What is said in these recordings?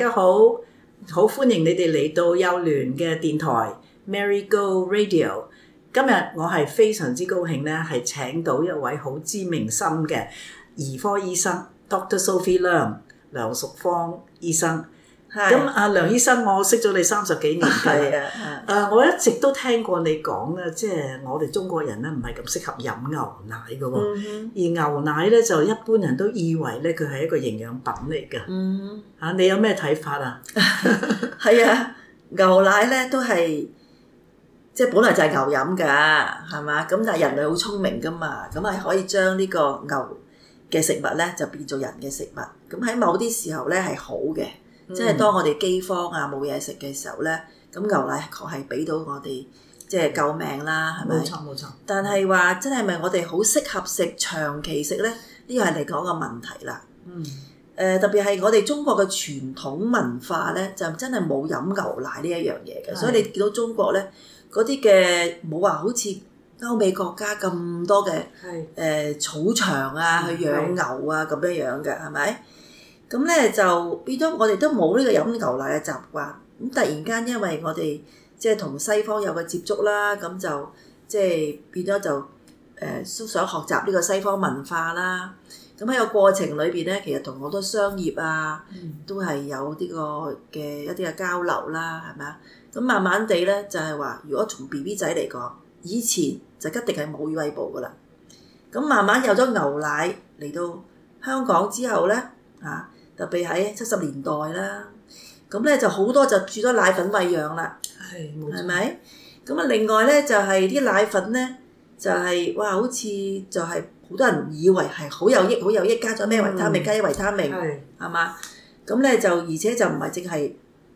大家好，好歡迎你哋嚟到幼聯嘅電台 Marygo Radio。今日我係非常之高興咧，係請到一位好知名心嘅兒科醫生 Dr. Sophie Leung 梁淑芳醫生。咁阿是、嗯啊、梁醫生，我識咗你三十幾年嘅，誒、啊啊，我一直都聽過你講咧，即、就、係、是、我哋中國人咧唔係咁適合飲牛奶㗎喎、哦，嗯、哼而牛奶咧就一般人都以為咧佢係一個營養品嚟㗎，嚇、嗯哼啊、你有咩睇法啊？係 啊，牛奶咧都係即係本來就係牛飲㗎，係嘛？咁但係人類好聰明㗎嘛，咁係可以將呢個牛嘅食物咧就變做人嘅食物，咁喺某啲時候咧係好嘅。嗯、即係當我哋饑荒啊冇嘢食嘅時候咧，咁牛奶確係俾到我哋即係救命啦，係咪、嗯？冇錯冇錯。錯錯但係話真係咪我哋好適合食長期食咧？呢個係你講嘅問題啦。嗯。誒、呃、特別係我哋中國嘅傳統文化咧，就真係冇飲牛奶呢一樣嘢嘅，是所以你見到中國咧嗰啲嘅冇話好似歐美國家咁多嘅誒是、呃、草場啊去養牛啊咁樣樣嘅係咪？咁咧就變咗，我哋都冇呢個飲牛奶嘅習慣。咁突然間，因為我哋即係同西方有個接觸啦，咁就即係變咗就誒都想學習呢個西方文化啦。咁喺個過程裏邊咧，其實同好多商業啊，都係有呢個嘅一啲嘅交流啦，係咪啊？咁慢慢地咧，就係話，如果從 BB 仔嚟講，以前就一定係母乳餵哺㗎喇。咁慢慢有咗牛奶嚟到香港之後咧，嚇。特別喺七十年代啦，咁咧就好多就煮咗奶粉餵養啦，係、哎，係咪？咁啊，另外咧就係、係、啲奶粉咧，就係、係、哇，好似就係好多人以為係好有益，好有益，加咗咩維，維他命，加啲維他命，係咪，係嘛？咁咧就而且就唔係淨係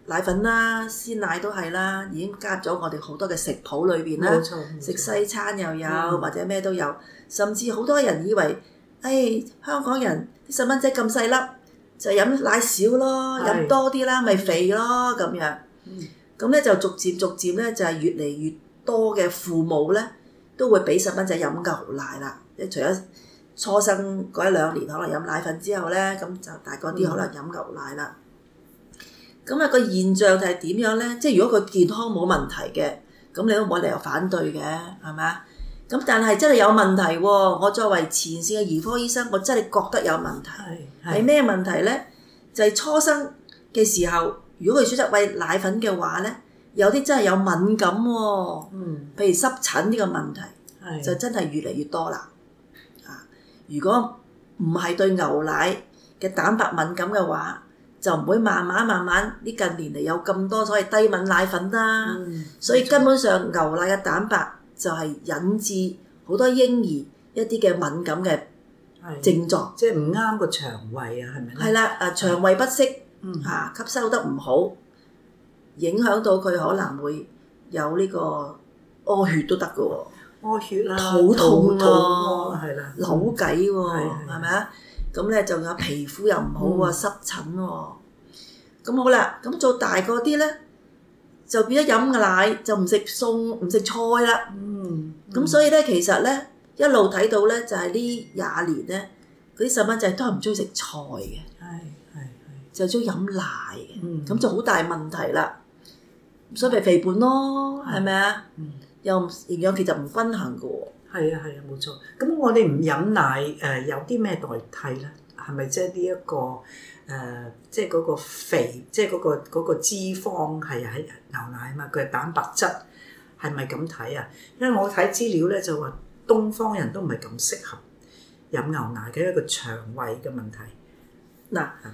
奶粉啦，鮮奶都係啦，已經加入咗我哋好多嘅食譜裏邊啦。冇錯，冇錯，食西餐又有，嗯、或者咩都有，甚至好多人以為，誒、哎、香港人啲細蚊仔咁細粒。就飲奶少咯，是飲多啲啦，咪肥咯咁樣。咁咧、嗯、就逐漸逐漸咧就係、是、越嚟越多嘅父母咧，都會俾細蚊仔飲牛奶啦。即除咗初生嗰一兩年可能飲奶粉之後咧，咁就大個啲、嗯、可能飲牛奶啦。咁啊、個現象就係點樣咧？嗯、即係如果佢健康冇問題嘅，咁你都冇理由反對嘅，係咪啊？咁但係真係有問題喎、哦！我作為前線嘅兒科醫生，我真係覺得有問題。係咩問題呢？就係、是、初生嘅時候，如果佢選擇餵奶粉嘅話呢，有啲真係有敏感喎、哦。嗯、譬如濕疹呢個問題，是就真係越嚟越多啦。啊！如果唔係對牛奶嘅蛋白敏感嘅話，就唔會慢慢慢慢呢近年嚟有咁多所謂低敏奶粉啦。嗯、所以根本上牛奶嘅蛋白。就係引致好多嬰兒一啲嘅敏感嘅症狀，即係唔啱個腸胃啊，係咪咧？係啦，誒腸胃不適，嚇、嗯、吸收得唔好，影響到佢可能會有呢、這個屙、啊、血都得㗎喎，屙血啦，肚痛咯，扭計喎，係咪啊？咁咧仲有皮膚又唔好啊，濕疹喎、啊。咁好啦，咁做大個啲咧？就變咗飲嘅奶，就唔食餸，唔食菜啦。嗯，咁所以咧，其實咧一路睇到咧，就係、係、呢廿年咧，嗰啲細蚊仔都係唔中意食菜嘅，係係係，就中意飲奶嘅。咁、嗯、就好大問題啦，所以咪肥胖咯，係咪啊？吧嗯、又營養其實唔均衡嘅喎。係啊係啊，冇錯。咁我哋唔飲奶，誒有啲咩代替咧？係咪即係呢一個？誒、呃，即係嗰個肥，即係嗰、嗰個嗰個脂肪係喺牛奶啊嘛，佢係蛋白質，係咪咁睇啊？因為我睇資料咧就話，東方人都唔係咁適合飲牛奶嘅一個腸胃嘅問題。嗱、嗯，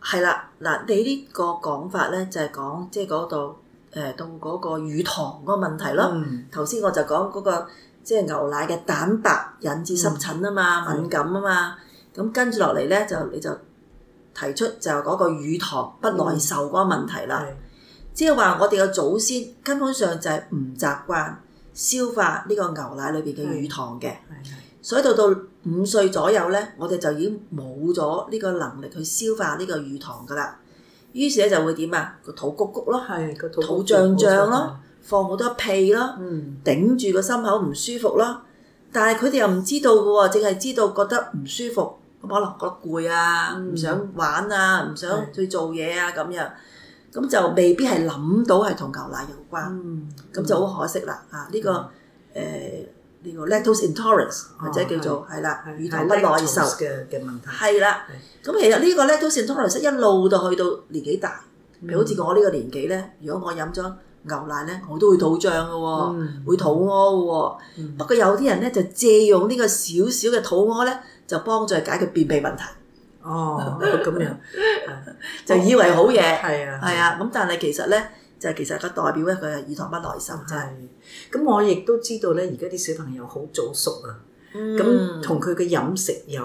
係啦，嗱，你個呢個、就是、講法咧就係講即係嗰度誒到嗰個乳糖個問題咯。頭先、嗯、我就講嗰、嗰個即係、就是、牛奶嘅蛋白引致濕疹啊嘛，敏感啊嘛，咁跟住落嚟咧就，就你就。就就就就就就就就提出就係嗰個乳糖不耐受嗰個問題啦，即係話我哋嘅祖先根本上就係唔習慣消化呢個牛奶裏邊嘅乳糖嘅，所以到到五歲左右咧，我哋就已經冇咗呢個能力去消化呢個乳糖噶啦。於是咧就會點啊？個肚谷谷咯，係，個肚脹脹咯，放好多屁咯，頂住個心口唔舒服咯。但係佢哋又唔知道㗎喎，淨係、嗯、知道覺得唔舒服。可能覺得攰啊，唔想玩啊，唔想去做嘢啊，咁樣，咁就未必係諗到係同牛奶有關，咁就好可惜啦。啊，呢個誒呢個 lactose intolerance 或者叫做係啦乳糖不耐受嘅嘅問題。係啦，咁其實呢個 lactose intolerance 一路到去到年紀大，譬如好似我呢個年紀咧，如果我飲咗牛奶咧，我都會肚脹嘅喎，會肚屙喎。不過有啲人咧就借用呢個少少嘅肚屙咧。就幫助解決便秘問題。哦，咁樣就以為好嘢。係啊，係啊。咁但係其實咧，就其實個代表一個乳糖不耐受，真係。咁我亦都知道咧，而家啲小朋友好早熟啊。嗯。咁同佢嘅飲食有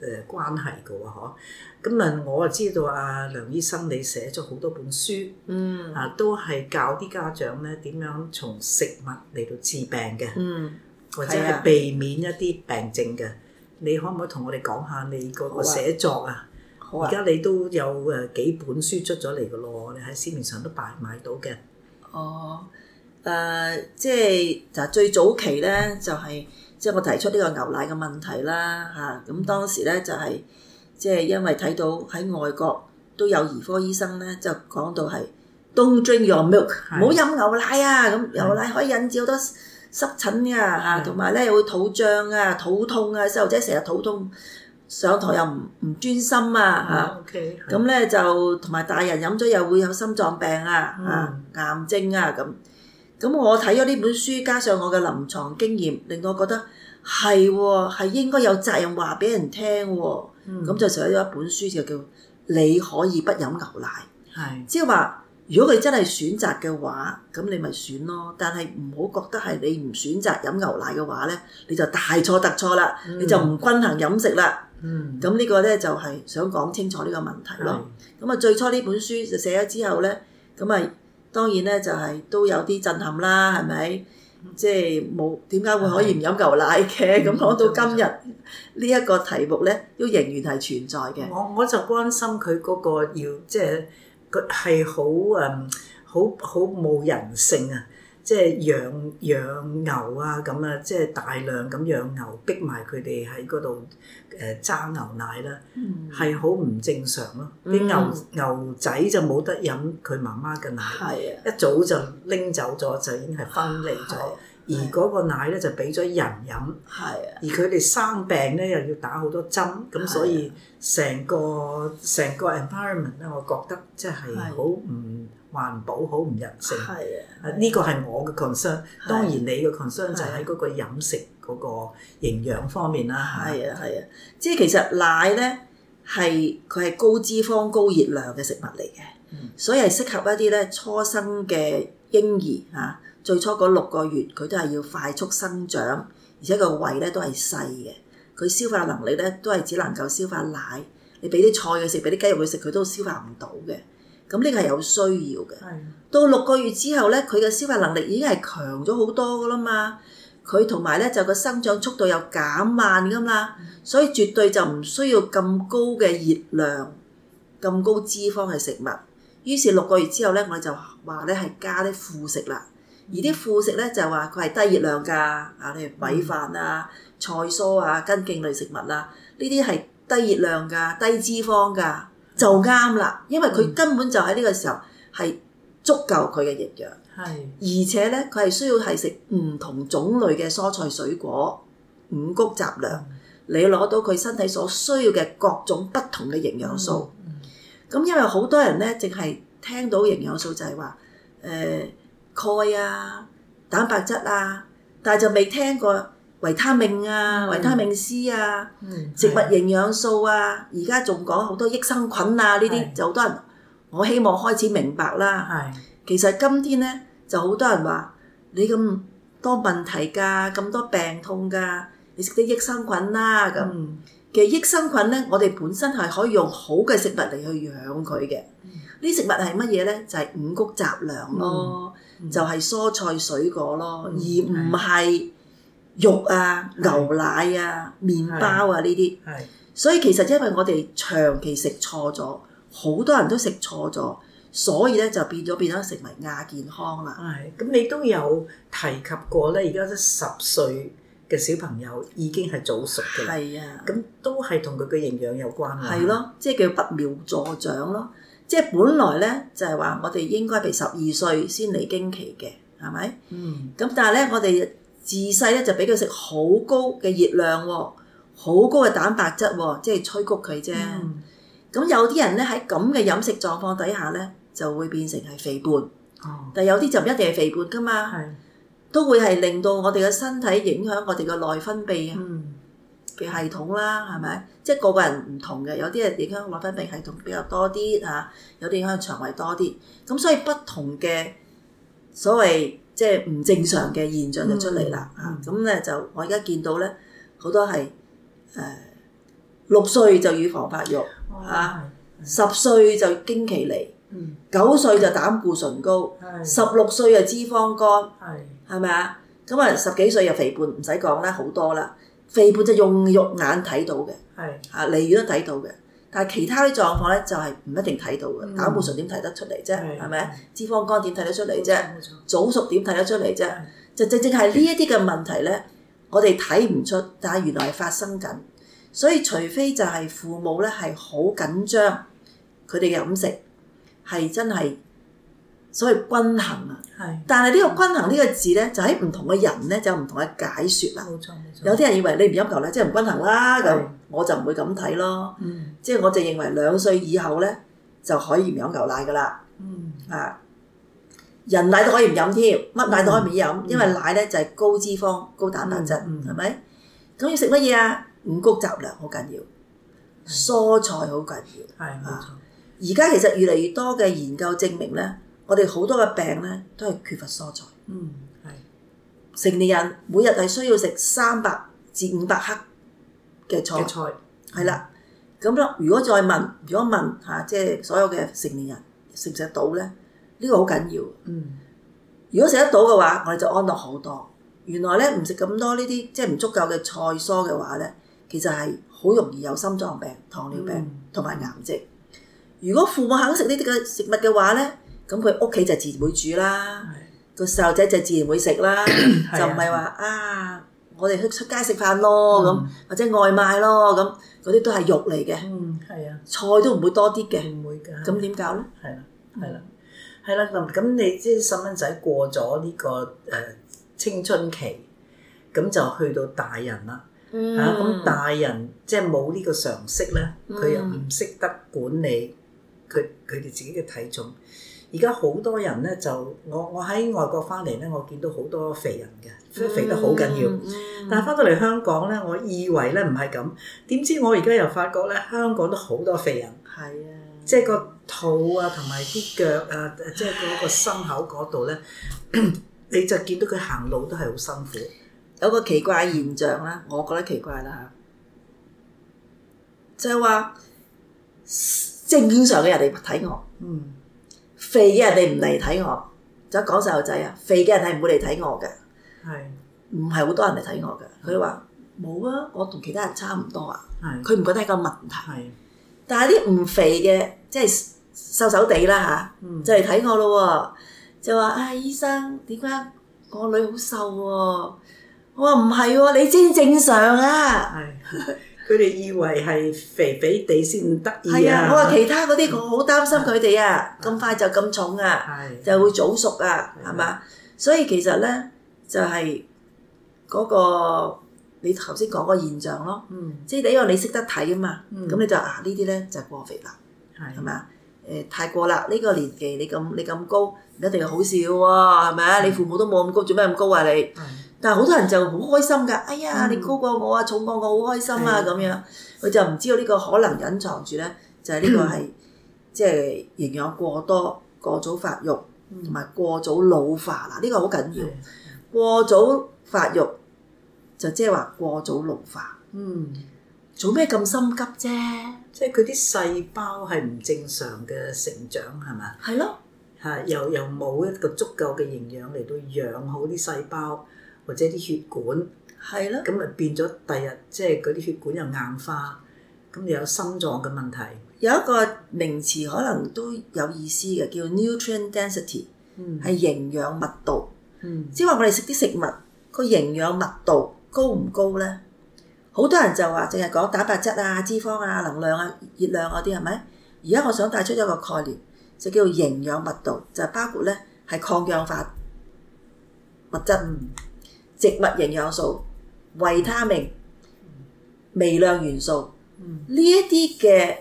誒關係㗎喎，嗬。咁啊，我啊知道阿梁醫生你寫咗好多本書。嗯。啊，都係教啲家長咧點樣從食物嚟到治病嘅。嗯。或者係避免一啲病症嘅。你可唔可以同我哋講下你嗰個寫作啊？而家、啊、你都有誒幾本書出咗嚟嘅咯，你喺市面上都擺買到嘅。哦，誒、呃，即係就最早期咧，就係、是、即係我提出呢個牛奶嘅問題啦嚇。咁、啊、當時咧就係、是、即係因為睇到喺外國都有兒科醫生咧，就講到係 Don't drink your milk，唔好飲牛奶啊！咁牛奶可以引致好多。濕疹啊，嚇，同埋咧會肚脹啊、肚痛啊，細路仔成日肚痛，上堂又唔唔專心啊，嚇 Yeah, okay.、啊。咁咧就同埋大人飲咗又會有心臟病啊、嚇、mm. 啊、癌症啊咁。咁我睇咗呢本書，加上我嘅臨床經驗，令到我覺得係喎，係、哦、應該有責任話俾人聽、啊、喎。咁、mm. 就寫咗一本書就叫《你可以不飲牛奶》，即係話。如果佢真係選擇嘅話，咁你咪選咯。但係唔好覺得係你唔選擇飲牛奶嘅話咧，你就大錯特錯啦，嗯、你就唔均衡飲食啦。咁、嗯、呢個咧就係、是、想講清楚呢個問題咯。咁啊是，最初呢本書就寫咗之後咧，咁啊當然咧就係都有啲震撼啦，係咪？即係冇點解會可以唔飲牛奶嘅？咁講到今日呢一個題目咧，都仍然係存在嘅。我我就關心佢嗰個要即係。即係佢係好誒，好好冇人性啊！即係養養牛啊咁啊，即係大量咁養牛，逼埋佢哋喺嗰度誒揸牛奶啦，係好唔正常咯。啲牛、嗯、牛仔就冇得飲佢媽媽嘅奶，係啊、一早就拎走咗，就已經係分離咗。而嗰個奶咧是的 就俾咗人飲，是的 而佢哋生病咧又要打好多針，咁是的 所以成個成個 environment 咧，我覺得即係好唔環保，好唔是的 人性。係啊，呢個係我嘅 concern。是的 當然你嘅 concern 就喺嗰個飲食嗰個營養方面啦。係啊，係啊，即係其實奶咧係佢係高脂肪高熱量嘅食物嚟嘅，所以係適合一啲咧初生嘅嬰兒吓。啊最初嗰六個月，佢都係要快速生長，而且個胃咧都係細嘅，佢消化能力咧都係只能夠消化奶。你俾啲菜佢食，俾啲雞肉佢食，佢都消化唔到嘅。咁呢個係有需要嘅。的到六個月之後咧，佢嘅消化能力已經係強咗好多噶啦嘛。佢同埋咧就個生長速度又減慢噶嘛，所以絕對就唔需要咁高嘅熱量、咁高脂肪嘅食物。於是六個月之後咧，我哋就話咧係加啲副食啦。而啲副食咧就話佢係低熱量㗎，啊，例如米飯啊、菜蔬啊、根莖類食物啊，呢啲係低熱量㗎、低脂肪㗎，就啱啦。因為佢根本就喺呢個時候係足夠佢嘅營養，係的。而且咧，佢係需要係食唔同種類嘅蔬菜水果、五穀雜糧，嗯、你攞到佢身體所需要嘅各種不同嘅營養素。咁、嗯、因為好多人咧，淨係聽到營養素就係話，誒、呃。鈣啊，蛋白質啊，但係就未聽過維他命啊、維他命 C 啊、植物營養素啊，而家仲講好多益生菌啊呢啲，就好多人。我希望開始明白啦。係，其實今天咧就好多人話你咁多問題㗎，咁多病痛㗎，你食啲益生菌啦咁。其實益生菌咧，我哋本身係可以用好嘅食物嚟去養佢嘅。呢食物係乜嘢咧？就係五穀雜糧咯。就係蔬菜水果咯，嗯、而唔係肉啊、的牛奶啊、麵的包啊呢啲。係，所以其實因為我哋長期食錯咗，好多人都食錯咗，所以咧就變咗變咗成為亞健康啦。係，咁你都有提及過咧，而家啲十歲嘅小朋友已經係早熟嘅。係啊的，咁都係同佢嘅營養有關啦。係咯，即、就、係、是、叫拔苗助長咯。即係本來咧，就係、是、話我哋應該被十二歲先嚟經期嘅，係咪？嗯。咁但係咧，我哋自細咧就俾佢食好高嘅熱量、喎，好高嘅蛋白質、喎，即係催谷佢啫。咁、嗯、有啲人咧喺咁嘅飲食狀況底下咧，就會變成係肥胖。哦。但係有啲就唔一定係肥胖噶嘛，係是都會係令到我哋嘅身體影響我哋嘅內分泌啊。嗯系統啦，係咪？即係個個人唔同嘅，有啲係影響內分泌系統比較多啲吓，有啲影響腸胃多啲。咁、嗯、所以不同嘅所謂即係唔正常嘅現象就出嚟啦。咁咧、嗯嗯、就我而家見到咧，好多係誒六歲就乳房發育吓，十歲、哦啊、就經期嚟，九歲、嗯、就膽固醇高，十六歲就脂肪肝，係咪啊？咁啊十幾歲就肥胖，唔使講啦，好多啦。肥胖就用肉眼睇到嘅，嚇是，離遠都睇到嘅。但係其他啲狀況咧，就係、是、唔一定睇到嘅。膽固醇點睇得出嚟啫？係咪、嗯？吧脂肪肝點睇得出嚟啫？嗯、早熟點睇得出嚟啫？嗯、就正正係呢一啲嘅問題咧，我哋睇唔出，但係原來係發生緊。所以除非就係父母咧係好緊張，佢哋嘅飲食係真係。所以均衡啊，但係呢個均衡呢個字咧，就喺唔同嘅人咧，就有唔同嘅解說啦。冇錯冇錯。有啲人以為你唔飲牛奶即係唔均衡啦，咁我就唔會咁睇咯。嗯，即係我就認為兩歲以後咧就可以唔飲牛奶噶啦。嗯，啊，人奶都可以唔飲添，乜奶都可以唔飲，因為奶咧就係高脂肪、高蛋白質，係咪？咁要食乜嘢啊？五穀雜糧好緊要，蔬菜好緊要。係冇錯。而家其實越嚟越多嘅研究證明咧。我哋好多嘅病咧，都係缺乏蔬菜。嗯，係成年人每日係需要食三百至五百克嘅菜。菜係啦，咁咯。嗯嗯、如果再問，如果問吓，即、啊、係、即係、所有嘅成年人食唔食得到咧？呢、呢個好緊要。嗯，如果食得到嘅話，我哋就安樂好多。原來咧，唔食咁多呢啲即係唔足夠嘅菜蔬嘅話咧，其實係好容易有心臟病、糖尿病同埋癌症。如果父母肯食呢啲嘅食物嘅話咧，咁佢屋企就自然會煮啦，的個細路仔就自然會食啦， 就唔係話啊，我哋去出街食飯咯咁、嗯，或者外賣咯咁，嗰啲都係肉嚟嘅，嗯、菜都唔會多啲嘅，唔、嗯、會嘅，咁點搞咧？係啦，係啦，係啦、嗯，咁咁你即係細蚊仔過咗呢、呢個誒、呃、青春期，咁就去到大人啦，嚇咁、嗯啊、大人即係冇呢個常識咧，佢又唔識得管理佢佢哋自己嘅體重。而家好多人咧，就我我喺外國翻嚟咧，我見到好多肥人嘅，即係肥得好緊要。嗯嗯、但係翻到嚟香港咧，我以為咧唔係咁，點知我而家又發覺咧，香港都好多肥人，係啊，即係個肚啊，同埋啲腳啊，即係嗰個心口嗰度咧，你就見到佢行路都係好辛苦。有個奇怪現象啦，我覺得奇怪啦吓、啊，就係、係、話正常嘅人嚟睇我，嗯。肥嘅人哋唔嚟睇我，就講細路仔啊！肥嘅人係唔會嚟睇我嘅，唔係好多人嚟睇我嘅。佢話冇啊，我同其他人差唔多啊。佢唔係覺得係個問題。係但係啲唔肥嘅，即係瘦瘦地啦吓、嗯，就嚟睇我咯，就話啊，醫生點解我女好瘦喎、啊？我話唔係喎，你先正常啊。佢哋以為係肥肥地先得意啊！係啊，我話其他嗰啲，我好擔心佢哋啊，咁快就咁重啊，就會早熟啊，係嘛？所以其實咧，就係嗰個你頭先講個現象咯，即係你因為你識得睇啊嘛，咁你就啊呢啲咧就過肥啦，係咪啊？誒，太過啦，呢個年紀你咁你咁高，唔一定好少喎，係咪啊？你父母都冇咁高，做咩咁高啊你？但係好多人就好開心㗎！哎呀，你高過我啊，重過我，好開心啊！咁樣佢就唔知道呢個可能隱藏住咧，就係呢個係即係營養過多、過早發育同埋過早老化啦。呢個好緊要，過早發育就即係話過早老化。嗯，做咩咁心急啫？即係佢啲細胞係唔正常嘅成長，係咪？係咯，嚇又又冇一個足夠嘅營養嚟到養好啲細胞。或者啲血管係咯，咁咪變咗第日，即係嗰啲血管又硬化，咁又有心臟嘅問題。有一個名詞可能都有意思嘅，叫 nutrient density，係、嗯、營養密度。即係話我哋食啲食物個營養密度高唔高呢？好多人就話淨係講蛋白質啊、脂肪啊、能量啊、熱量嗰啲係咪？而家我想帶出一個概念，就叫營養密度，就包括呢，係抗氧化物質。嗯植物營養素、維他命、微量元素呢一啲嘅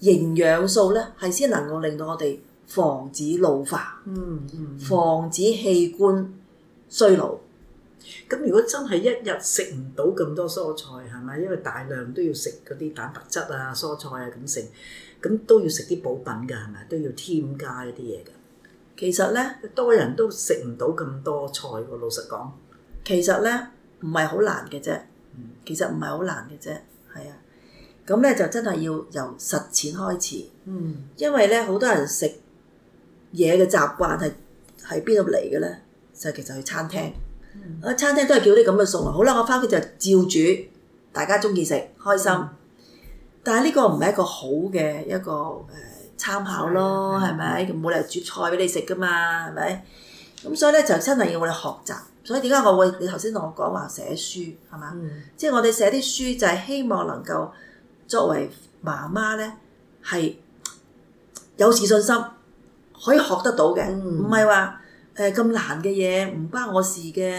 營養素咧，係先能夠令到我哋防止老化，嗯嗯、防止器官衰老。咁如果真係一日食唔到咁多蔬菜，係咪？因為大量都要食嗰啲蛋白質啊、蔬菜啊咁食，咁都要食啲補品㗎，係咪都要添加一啲嘢㗎？其實咧，多人都食唔到咁多菜喎。老實講。其實咧唔係好難嘅啫，嗯、其實唔係好難嘅啫，係啊，咁咧就真係要由實踐開始。嗯、因為咧好多人食嘢嘅習慣係喺邊度嚟嘅咧？就其實去餐廳，啊、嗯、餐廳都係叫啲咁嘅餸。好啦，我翻去就照煮，大家中意食，開心。嗯、但係呢個唔係一個好嘅一個誒參考咯，係咪、嗯？冇理由煮菜俾你食噶嘛，係咪？咁所以咧就真係要我哋學習。所以點解我會？你頭先同我講話寫書係嘛？嗯、即係我哋寫啲書就係希望能夠作為媽媽咧，係有自信心，可以學得到嘅，唔係話誒咁難嘅嘢唔關我事嘅，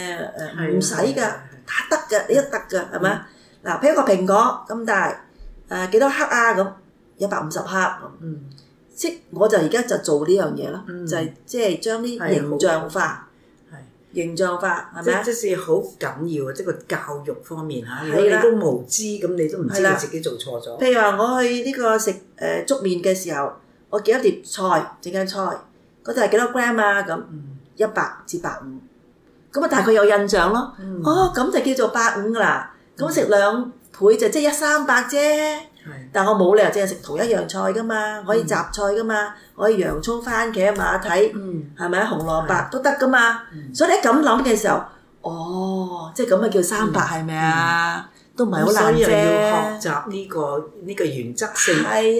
誒唔使㗎，得得㗎，你得㗎係咪？嗱，譬、嗯、如一個蘋果咁大，誒、呃、幾多克啊？咁一百五十克。即、嗯嗯、我就而家就做呢樣嘢咯，嗯、就係即係將啲形象化。嗯嗯認造法，係咪？即係是好緊要啊！即、這、係、個、教育方面嚇，的你都無知咁，的你都唔知道你自己做錯咗。譬如話，我去呢個食誒、呃、粥麵嘅時候，我幾多碟菜，整間菜嗰度係幾多 gram 啊？咁一百至百五，咁啊、嗯，150，大概有印象咯。嗯、哦，咁就叫做百五㗎啦。咁我食兩倍就即係一三百啫。嗯但我冇理由淨係食同一樣菜㗎嘛，可以雜菜㗎嘛，可以洋葱、番茄、馬蹄，係咪啊？紅蘿蔔的都得㗎嘛。嗯、所以你咁諗嘅時候，哦，即係咁啊叫三白係咪啊？都唔係好難啫。所以又要學習呢、呢個呢、呢個原則性，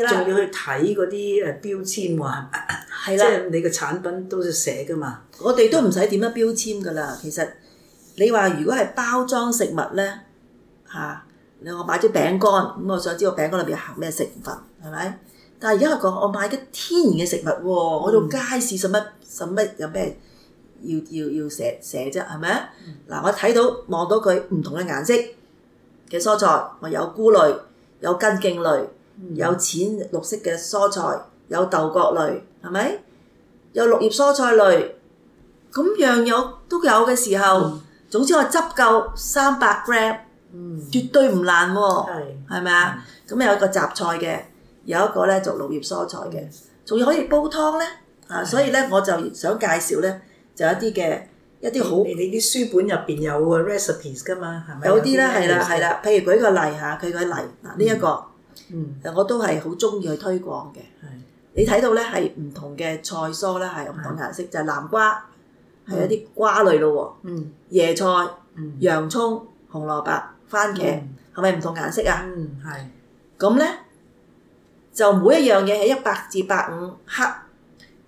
仲的要去睇嗰啲誒標籤喎，的的即係你嘅產品都要寫㗎嘛。的的我哋都唔使點樣標籤㗎啦。其實你話如果係包裝食物咧，嚇、啊。你我買咗餅乾，咁我想知道餅乾裏邊含咩成分，係咪？但係而家佢講我買嘅天然嘅食物喎，嗯、我到街市使乜？使乜？有咩要要要寫寫啫，係咪？嗱，嗯、我睇到望到佢唔同嘅顏色嘅蔬菜，我有，有菇類，有根莖類，嗯、有淺綠色嘅蔬菜，有豆角類，係咪？有綠葉蔬菜類，咁樣有都有嘅時候，嗯、總之我執夠三百 gram。絕對唔難喎，係咪啊？咁有個雜菜嘅，有一個咧做綠葉蔬菜嘅，仲要可以煲湯咧。啊，所以咧我就想介紹咧，就一啲嘅一啲好你啲書本入邊有 recipes 㗎嘛，係咪？有啲啦，係啦，係啦。譬如舉個例嚇，舉個例嗱呢一個，嗯，我都係好中意去推廣嘅。係你睇到咧係唔同嘅菜蔬啦，係唔同顏色，就南瓜係一啲瓜類咯。嗯，椰菜、洋葱、紅蘿蔔。番茄係咪唔同顏色啊？嗯，係。咁咧就每一樣嘢係一百至百五克，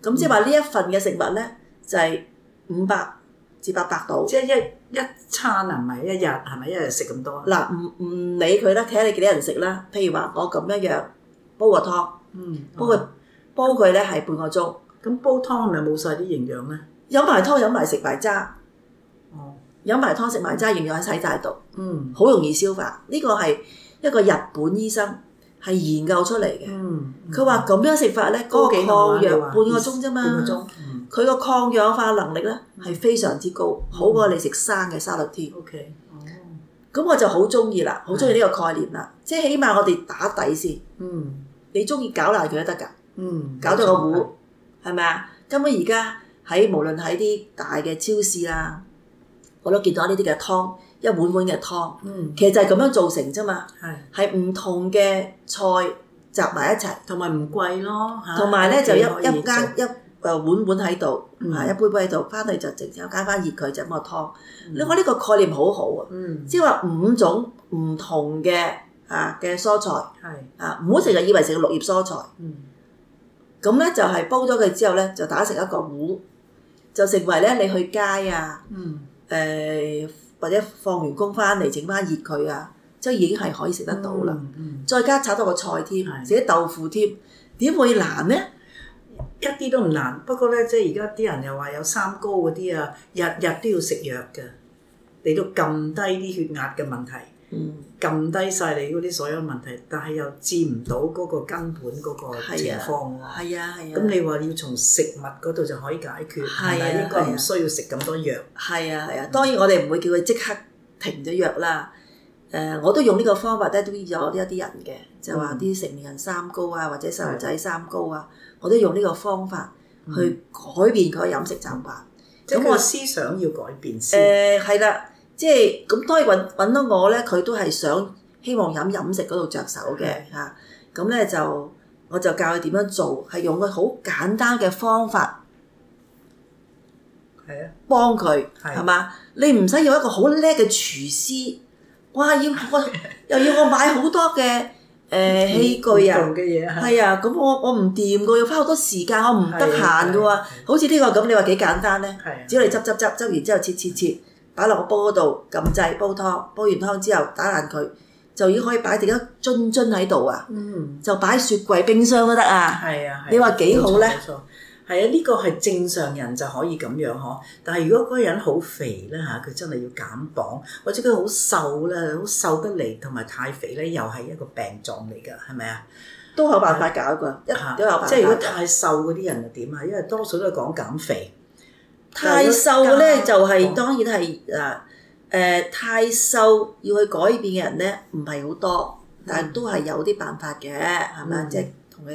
咁即係話呢一份嘅食物咧就係五百至八百度。即係一一餐啊，係咪一日？係咪一日食咁多？嗱，唔唔理佢啦，睇下你幾多人食啦。譬如話我咁一樣煲個湯、嗯，嗯，煲佢煲佢咧係半個鐘。咁煲湯係咪冇晒啲營養咩？嗯、湯飲埋湯，飲埋食埋渣。飲埋湯食埋渣，營養喺晒大度，好容易消化。呢個係一個日本醫生係研究出嚟嘅。佢話咁樣食法咧，嗰個抗氧半個鐘啫嘛，半個鐘？佢個抗氧化能力咧係非常之高，好過你食生嘅沙律添。OK，咁我就好中意啦，好中意呢個概念啦。即係起碼我哋打底先。你中意搞爛佢都得㗎。搞到個糊，係咪啊？根本而家喺無論喺啲大嘅超市啦。我都見到呢啲嘅湯，一碗碗嘅湯，其實就係咁樣做成啫嘛。係，係唔同嘅菜集埋一齊，同埋唔貴咯。同埋咧就一一加一誒碗碗喺度，嚇一杯杯喺度，翻去就直接加翻熱佢就咁個湯。你話呢個概念好好啊，即係話五種唔同嘅嚇嘅蔬菜，嚇唔好成日以為食綠葉蔬菜。咁咧就係煲咗佢之後咧，就打成一個糊，就成為咧你去街啊。誒、呃、或者放完工翻嚟整翻熱佢啊，即係、嗯、已經係可以食得到啦。嗯、再加炒多個菜添，食啲是的 豆腐添，點會難呢？一啲都唔難。不過咧，即係而家啲人又話有三高嗰啲啊，日日都要食藥嘅，嚟到撳低啲血壓嘅問題。嗯，撳低晒你嗰啲所有問題，但係又治唔到嗰個根本嗰個情況咯。係啊，係啊。咁你話要從食物嗰度就可以解決，係啊。應該唔需要食咁多藥？係啊，係啊。當然我哋唔會叫佢即刻停咗藥啦。誒，我都用呢個方法咧，都醫咗一啲人嘅，就話啲成年人三高啊，或者細路仔三高啊，我都用呢個方法去改變佢飲食習慣，咁個思想要改變先。誒，係啦。即係咁，當然揾揾到我咧，佢都係想希望飲飲食嗰度着手嘅嚇。咁咧就我就教佢點樣做，係用個好簡單嘅方法，係啊，幫佢係嘛。你唔使用一個好叻嘅廚師，哇！要我又要我買好多嘅誒器具啊，係啊。咁我我唔掂噶，要花好多時間，我唔得閒噶喎。好似呢個咁，你話幾簡單咧？只要你執執執執完之後，切切切。擺落個煲度，撳掣煲湯，煲完湯之後打爛佢，就已經可以擺定一樽樽喺度啊！就擺雪櫃、冰箱都得啊！係啊，你話幾好咧？係啊，呢、個係正常人就可以咁樣嗬。但係如果嗰個人好肥咧嚇，佢、啊、真係要減磅，或者佢好瘦啦，好瘦得嚟，同埋太肥咧，又係一個病狀嚟噶，係咪啊？都有辦法搞噶，一都、啊、有、啊。即係如果太瘦嗰啲人又點啊？因為多數都係講減肥。太瘦咧，就係、是、當然係嗱，誒、呃、太瘦要去改變嘅人咧，唔係好多，但係都係有啲辦法嘅，係咪？即係同佢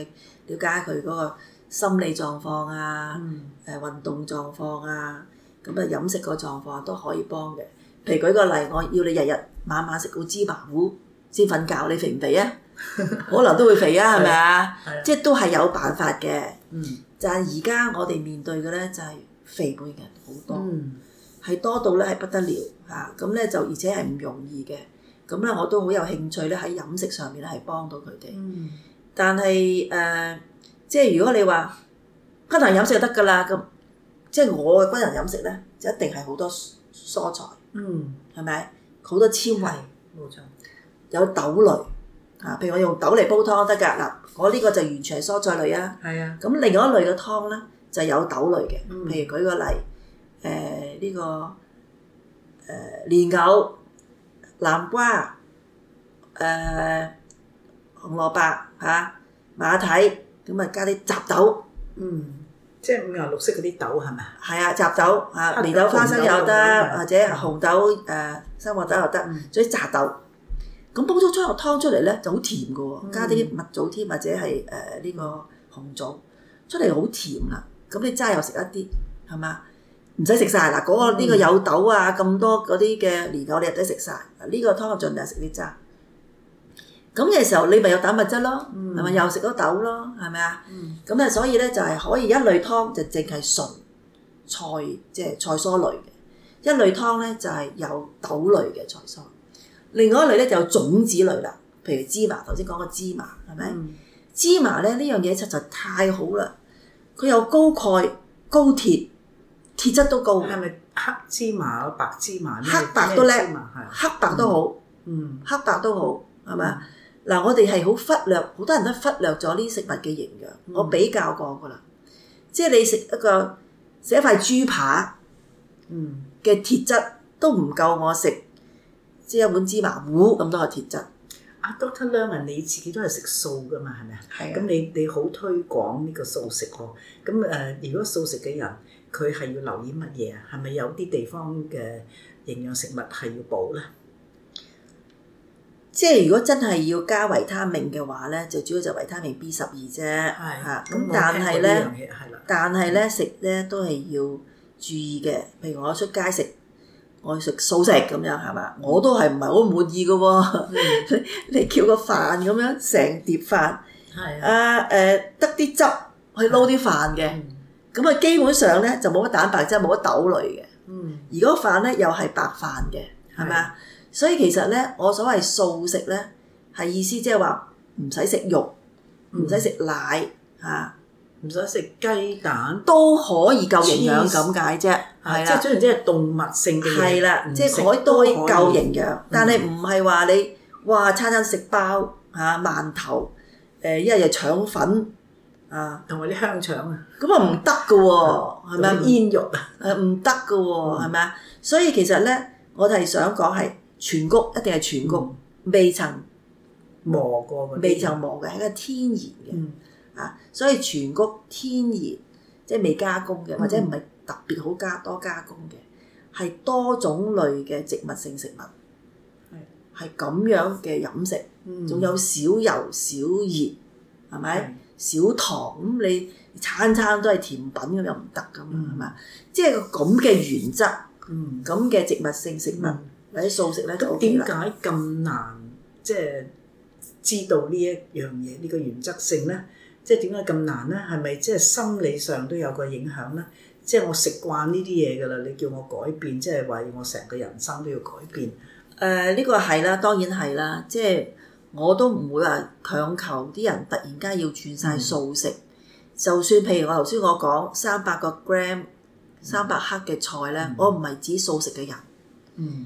了解佢嗰個心理狀況啊，誒、呃、運動狀況啊，咁、呃、啊飲食個狀況都、啊、可以幫嘅。譬如舉個例，我要你日日晚晚食碗芝麻糊先瞓覺，你肥唔肥啊？可能對都會肥啊，係咪啊？即係都係有辦法嘅。嗯、hmm.， 但係而家我哋面對嘅咧就係。 肥胖嘅人好多，係、嗯嗯、多到咧係不得了嚇，咁、啊、咧就而且係唔容易嘅，咁咧我都好有興趣咧喺飲食上面咧係幫到佢哋。嗯嗯但係誒，即、呃、係、就是、如果你話均衡飲食就得㗎啦，咁即係我嘅均衡飲食咧就一定係好多蔬菜，嗯係、嗯、咪？好多纖維，冇錯ね，有豆類啊，譬如我用豆嚟煲湯得㗎。嗱，我呢個就完全係蔬菜類啊。係啊，咁、嗯、另外一類嘅湯咧。就有豆類嘅，譬如舉個例，誒呢個誒蓮藕、南瓜、誒紅蘿蔔嚇、馬蹄，咁啊加啲雜豆。嗯，即係五顏六色嗰啲豆係咪啊？係啊，雜豆嚇，眉豆、花生又得，或者紅豆誒、生黃豆又得，所以雜豆。咁煲咗出嚟湯出嚟咧就好甜㗎喎，加啲蜜棗添或者係誒呢個紅棗，出嚟好甜啦。咁你渣又食一啲，係咪？唔使食晒啦，嗰、那個呢個有豆啊，咁多嗰啲嘅蓮藕你都食晒。呢、這個湯就盡量食啲渣。咁嘅時候你咪有蛋白質咯，係咪、嗯、又食咗豆咯，係咪啊？咁啊、嗯，所以咧就係、是、可以一類湯就淨係純菜，即、就、係、是、菜蔬類嘅；一類湯咧就係、是、有豆類嘅菜蔬。另外一類咧就有種子類啦，譬如芝麻，頭先講個芝麻係咪？嗯、芝麻咧呢樣嘢實在太好啦～佢有高鈣、高鐵，鐵質都高，係咪？黑芝麻、白芝麻，黑白都叻，黑白都好，嗯，黑白都好，係咪、嗯？嗱吧，我哋係好忽略，好多人都忽略咗呢食物嘅營養。嗯、我比較過噶啦，即係你食一個食一塊豬扒，嗯嘅鐵質、嗯嗯、都唔夠我食，即、就、係、是、一碗芝麻糊咁、嗯、多嘅鐵質。Doctor Leung 你自己都係食素噶嘛，係咪啊？咁的你你好推廣呢個素食喎。咁誒，如果素食嘅人，佢係要留意乜嘢啊？係咪有啲地方嘅營養食物係要補咧？即係如果真係要加維他命嘅話咧，就主要就維他命 B 十二啫。係的啊。咁、嗯、但係咧，但係咧的食咧都係要注意嘅。譬如我出街食。我食素食咁、嗯、樣係嘛？我都係唔係好滿意嘅喎。嗯、 你叫個飯咁樣成碟飯，嗯、啊誒得啲汁去撈啲飯嘅，咁啊、嗯、基本上咧、嗯、就冇乜蛋白質，冇乜豆類嘅。嗯、而嗰個飯咧又係白飯嘅，係咪？是所以其實咧，我所謂素食咧，係意思即係話唔使食肉，唔使食奶嚇。啊唔想食雞蛋都可以夠營養咁解啫，即係雖然即係動物性嘅嘢，即係可以都夠營養，但係唔係話你哇餐餐食包嚇饅頭，誒一日日腸粉啊，同埋啲香腸啊，咁啊唔得嘅喎，係咪啊，煙肉誒唔得嘅喎，係咪啊？所以其實咧，我哋係想講係全穀，一定係全穀，未曾磨過嘅，未曾磨嘅一個天然嘅。啊！所以全穀天然即係未加工嘅，或者唔係特別好加多加工嘅，係多種類嘅植物性食物，係咁樣嘅飲食，仲有少油少鹽，係咪？少糖咁你餐餐都係甜品咁又唔得㗎嘛？係咪？即係個咁嘅原則，咁嘅、嗯、植物性食物、嗯、或者素食咧，點解咁難即係、就是、知道呢一樣嘢呢個原則性咧？即係點解咁難呢？係咪即係心理上都有個影響呢？即係我食慣呢啲嘢噶啦，你叫我改變，即係話要我成個人生都要改變。誒、呃，呢、這個係啦，當然係啦。即係我都唔會話強求啲人突然間要轉晒素食。嗯、就算譬如我頭先我講三百個 gram、三百克嘅菜呢，嗯、我唔係指素食嘅人。嗯。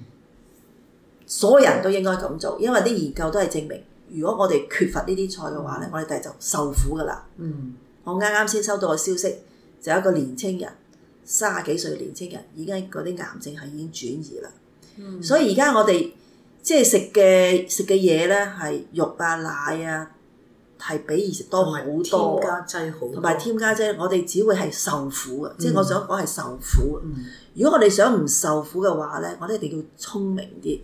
所有人都應該咁做，因為啲研究都係證明。如果我哋缺乏呢啲菜嘅話咧，嗯、我哋第日就受苦噶啦。嗯，我啱啱先收到個消息，就有一個年青人，三十幾歲年青人，已經嗰啲癌症係已經轉移啦。嗯、所以而家我哋即係食嘅食嘅嘢咧，係肉啊、奶啊，係比以前多好多，添加劑好，同埋添加劑，我哋只會係受苦嘅。即係、嗯、我想講係受苦。嗯、如果我哋想唔受苦嘅話咧，我哋一定要聰明啲。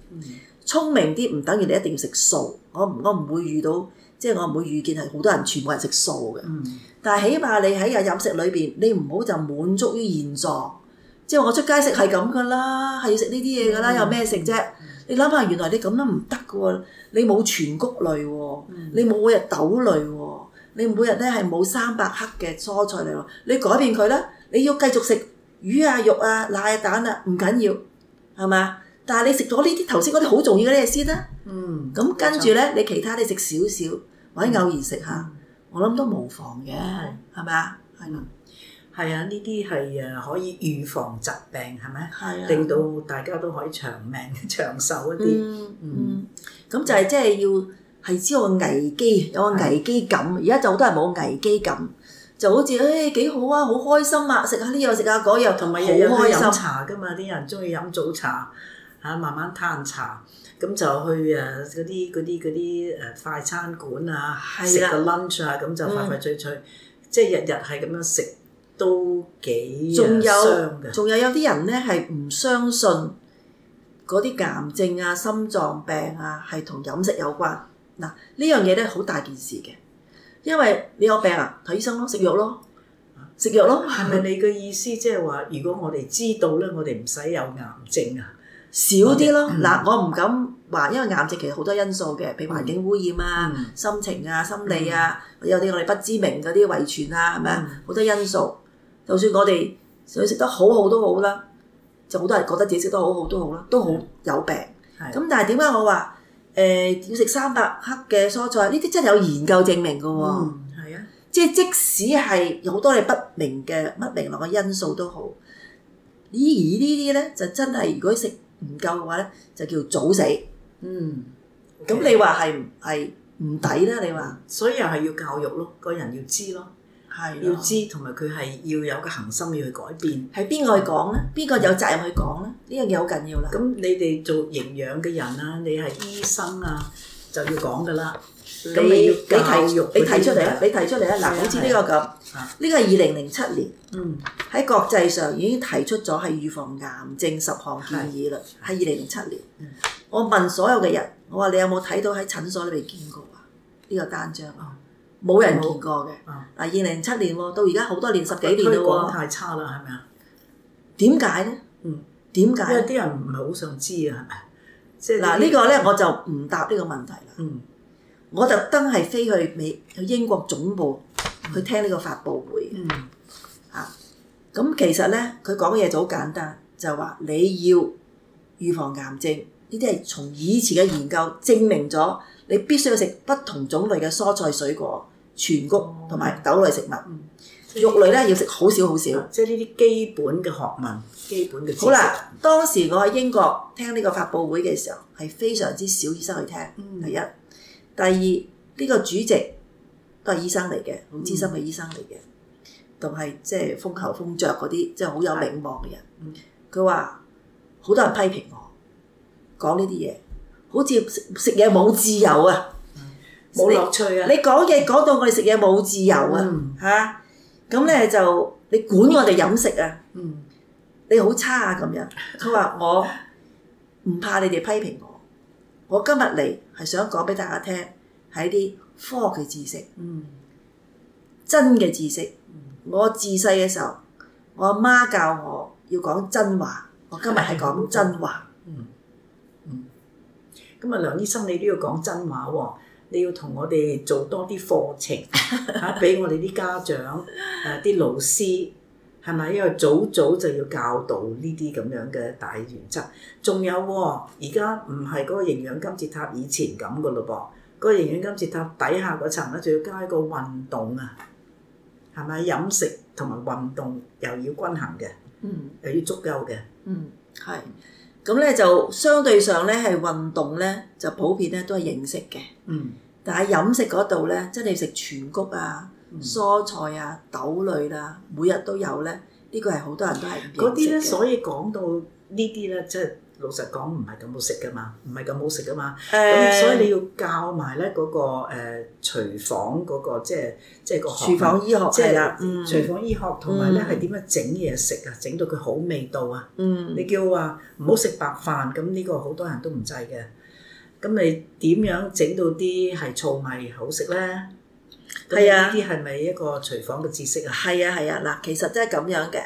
聰明啲唔等於你一定要食素，我我唔會遇到，即係我唔會遇見係好多人全部人食素嘅。嗯、但係起碼你喺日飲食裏邊，你唔好就滿足於現狀，即係我出街食係咁噶啦，係要食呢啲嘢噶啦，嗯、有咩食啫？嗯、你諗下，原來你咁都唔得嘅喎，你冇全穀類喎，嗯、你冇每日豆類喎，你每日咧係冇三百克嘅蔬菜嚟喎，你改變佢咧，你要繼續食魚啊、肉啊、奶啊、蛋啊，唔緊要，係嘛？但係你食咗呢啲頭先嗰啲好重要嗰啲先啦，嗯，咁跟住咧，你其他你食少少，或者偶然食下，我諗都無妨嘅，係咪啊？係，係啊，呢啲係誒可以預防疾病，係咪？係啊，令到大家都可以長命長壽嗰啲，嗯，咁就係即係要係知道個危機，有個危機感。而家就好多人冇危機感，就好似誒幾好啊，好開心啊，食下呢樣食下嗰樣，同埋日日都飲茶㗎嘛，啲人中意飲早茶。慢慢嘆茶，咁就去誒嗰啲嗰啲啲誒快餐館啊，食個 lunch 啊，咁就快快脆脆，嗯、即係日日係咁樣食都幾傷嘅。仲有有啲人咧係唔相信嗰啲癌症啊、心臟病啊係同飲食有關。嗱，呢樣嘢咧好大件事嘅，因為你有病啊，睇醫生咯，食藥咯，食藥咯，係咪你嘅意思即係話，如果我哋知道咧，我哋唔使有癌症啊？少啲咯，嗱、嗯，我唔敢話，因為癌症其實好多因素嘅，譬如環境污染啊、嗯、心情啊、心理啊，嗯、有啲我哋不知名嗰啲遺傳啊，係咪啊？好、嗯、多因素，就算我哋想食得好好都好啦，就好多人覺得自己食得好好都好啦，都好有病。咁、嗯、但係點解我話誒、呃、要食三百克嘅蔬菜？呢啲真係有研究證明㗎喎，啊，嗯、啊即係即使係有好多你不明嘅乜明朗嘅因素都好，而呢啲咧就真係如果食唔夠嘅話咧，就叫早死。嗯，咁 Okay. 你話係係唔抵啦？你話、嗯，所以又係要教育咯，個人要知咯，係的要知，同埋佢係要有個恒心要去改變。係邊個去講咧？邊個有責任去講咧？呢樣嘢好緊要啦。咁你哋做營養嘅人啊，你係醫生啊，就要講噶啦。咁你提出你提出嚟啊！你提出嚟啊！嗱，好似呢個咁，呢個係二零零七年，喺國際上已經提出咗係預防癌症十項建議啦。喺二零零七年，我問所有嘅人，我話你有冇睇到喺診所裏面見過啊？呢個單張啊，冇人見過嘅。嗱，二零零七年喎，到而家好多年十幾年都喎，太差啦，係咪啊？點解咧？嗯，點解？因為啲人唔係好想知啊，係咪？即係嗱，呢個咧我就唔答呢個問題啦。嗯。我特登係飛去美去英國總部，嗯、去聽呢個發佈會嘅嚇。咁、嗯啊、其實咧，佢講嘢就好簡單，就係話你要預防癌症呢啲係從以前嘅研究證明咗，你必須要食不同種類嘅蔬菜水果、全穀同埋豆類食物，嗯嗯、肉類咧、嗯、要食好少好少。即係呢啲基本嘅學問。基本嘅。好啦，當時我喺英國聽呢個發佈會嘅時候，係非常之少醫生去聽。第一。第一。第二呢、這個主席都係醫生嚟嘅，好資深嘅醫生嚟嘅，同係即係風頭風著啲，即係好有名望嘅人。佢話好多人批評我講呢啲嘢，好似食食嘢冇自由啊，冇、嗯、樂趣啊。你講嘢講到我哋食嘢冇自由啊，吓、嗯，咁咧、啊、就你管我哋飲食啊，嗯、你好差啊咁樣，佢話我唔怕你哋批評。我今日嚟係想講俾大家聽，係一啲科學知識，嗯，真嘅知識。嗯、我自細嘅時候，我阿媽教我要講真話，我今日係講真話，嗯，嗯，嗯。咁啊，梁醫生你都要講真話喎、哦，你要同我哋做多啲課程嚇，俾、 啊、我哋啲家長，誒、啊、啲老師。係咪？因為早早就要教導呢啲咁樣嘅大原則。仲有喎、哦，而家唔係嗰個營養金字塔以前咁嘅嘞噃。嗰個營養金字塔底下嗰層咧，仲要加一個運動啊。係咪？飲食同埋運動又要均衡嘅，嗯，又要足夠嘅，嗯，係。咁咧就相對上咧係運動咧就普遍咧都係認識嘅，嗯。但係飲食嗰度咧，真係食全穀啊。蔬菜啊、豆類啦、啊，每日都有咧。呢、這個係好多人都係嗰啲咧，所以講到呢啲咧，即係老實講唔係咁好食㗎嘛，唔係咁好食㗎嘛。咁、嗯、所以你要教埋咧嗰個誒廚房嗰個即係即係個廚房醫學係啦，廚房醫學同埋咧係點樣整嘢食啊？整到佢好味道啊！嗯、你叫話唔好食白飯，咁呢個好多人都唔制嘅。咁你點樣整到啲係糙米好食咧？係啊！呢啲係咪一個廚房嘅知識啊？係啊，係啊，嗱，其實真係咁樣嘅，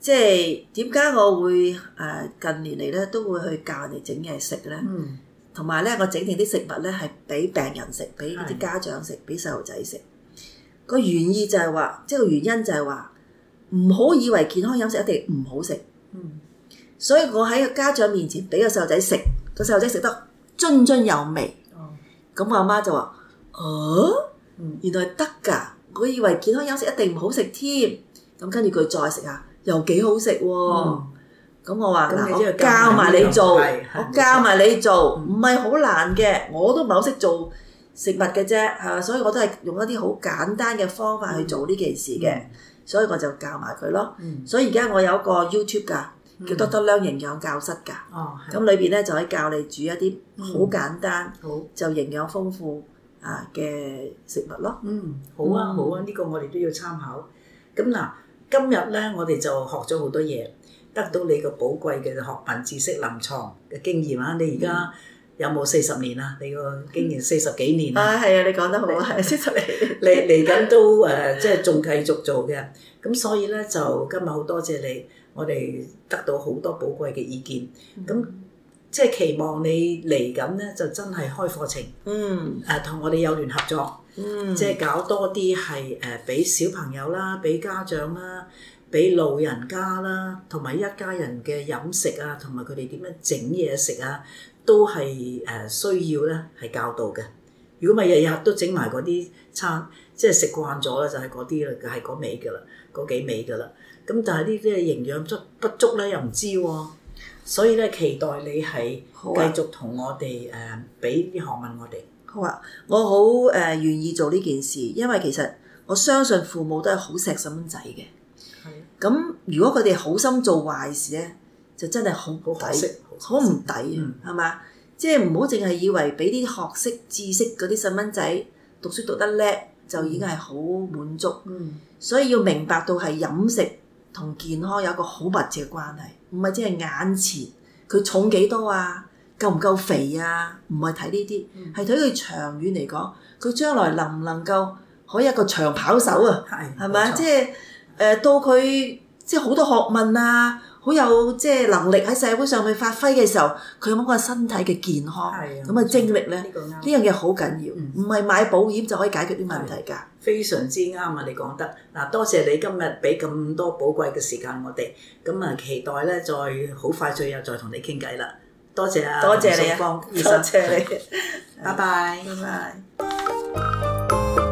即係點解我會誒、呃、近年嚟咧都會去教你整嘢食咧？嗯，同埋咧，我整定啲食物咧係俾病人食，俾啲家長食，俾細路仔食。個、嗯、原意就係話，即係個原因就係話，唔好以為健康飲食一定唔好食。嗯，所以我喺個家長面前俾個細路仔食，個細路仔食得津津有味。哦、嗯、咁我阿媽就話，「哦。」原來得噶，我以為健康飲食一定唔好食添。咁跟住佢再食啊，又幾好食喎。咁我話嗱，我教埋你做，我教埋你做，唔係好難嘅。我都唔係好識做食物嘅啫，係嘛？所以我都係用一啲好簡單嘅方法去做呢件事嘅。所以我就教埋佢咯。所以而家我有一個 YouTube 噶，叫 Dr. Leung 營養教室噶。哦，咁裏邊咧就可以教你煮一啲好簡單，就營養豐富，嘅食物咯，嗯，好啊好啊，呢、嗯啊呢個我哋都要參考。咁嗱，今日呢，我哋就學咗好多嘢，得到你個寶貴嘅學問、知識、臨床嘅經驗啊！你而家有冇四十年啊？你個經驗四十幾年啊？係、嗯、啊，啊，你講得好 啊，四十幾。嚟嚟緊都誒， 即係仲繼續做嘅。咁所以呢，就今日好多謝你，我哋得到好多寶貴嘅意見。咁。即係期望你嚟緊咧，就真係開課程，誒同、嗯呃、我哋有聯合作，嗯、即係搞多啲係誒，俾、呃、小朋友啦，俾家長啦，俾老人家啦，同埋一家人嘅飲食啊，同埋佢哋點樣整嘢食啊，都係誒、呃、需要咧，係教導嘅。如果咪日日都整埋嗰啲餐，即係食慣咗啦，就係嗰啲啦，就係嗰味噶啦，嗰幾味噶啦。咁、嗯、但係呢啲營養足不足咧，又唔知喎、啊。所以咧，期待你係繼續同我哋誒俾啲學問我哋。好啊，我好誒、呃、願意做呢件事，因為其實我相信父母都係好錫細蚊仔嘅。係的。咁如果佢哋好心做壞事咧，就真係好抵，好唔抵啊，係嘛？即係唔好淨係以為俾啲學識、知識嗰啲細蚊仔讀書讀得叻，就已經係好滿足。嗯、所以要明白到係飲食同健康有一個好密切嘅關係。唔係即係眼前，佢重幾多啊？夠唔夠肥啊？唔係睇呢啲，係睇佢長遠嚟講，佢將來能唔能夠可以一個長跑手啊？係，係咪？即係誒、呃，到佢即係好多學問啊！好有即係能力喺社會上面發揮嘅時候，佢有嗰個身體嘅健康，咁啊、哎、呀精力咧，呢樣嘢好緊要，唔係、嗯、買保險就可以解決啲問題㗎、嗯。非常之啱啊！你講得嗱，多謝你今日俾咁多寶貴嘅時間我哋，咁啊期待咧再好快最後再同你傾偈啦。多謝啊，多謝你，啊你。淑芳醫生姐，你拜拜。拜。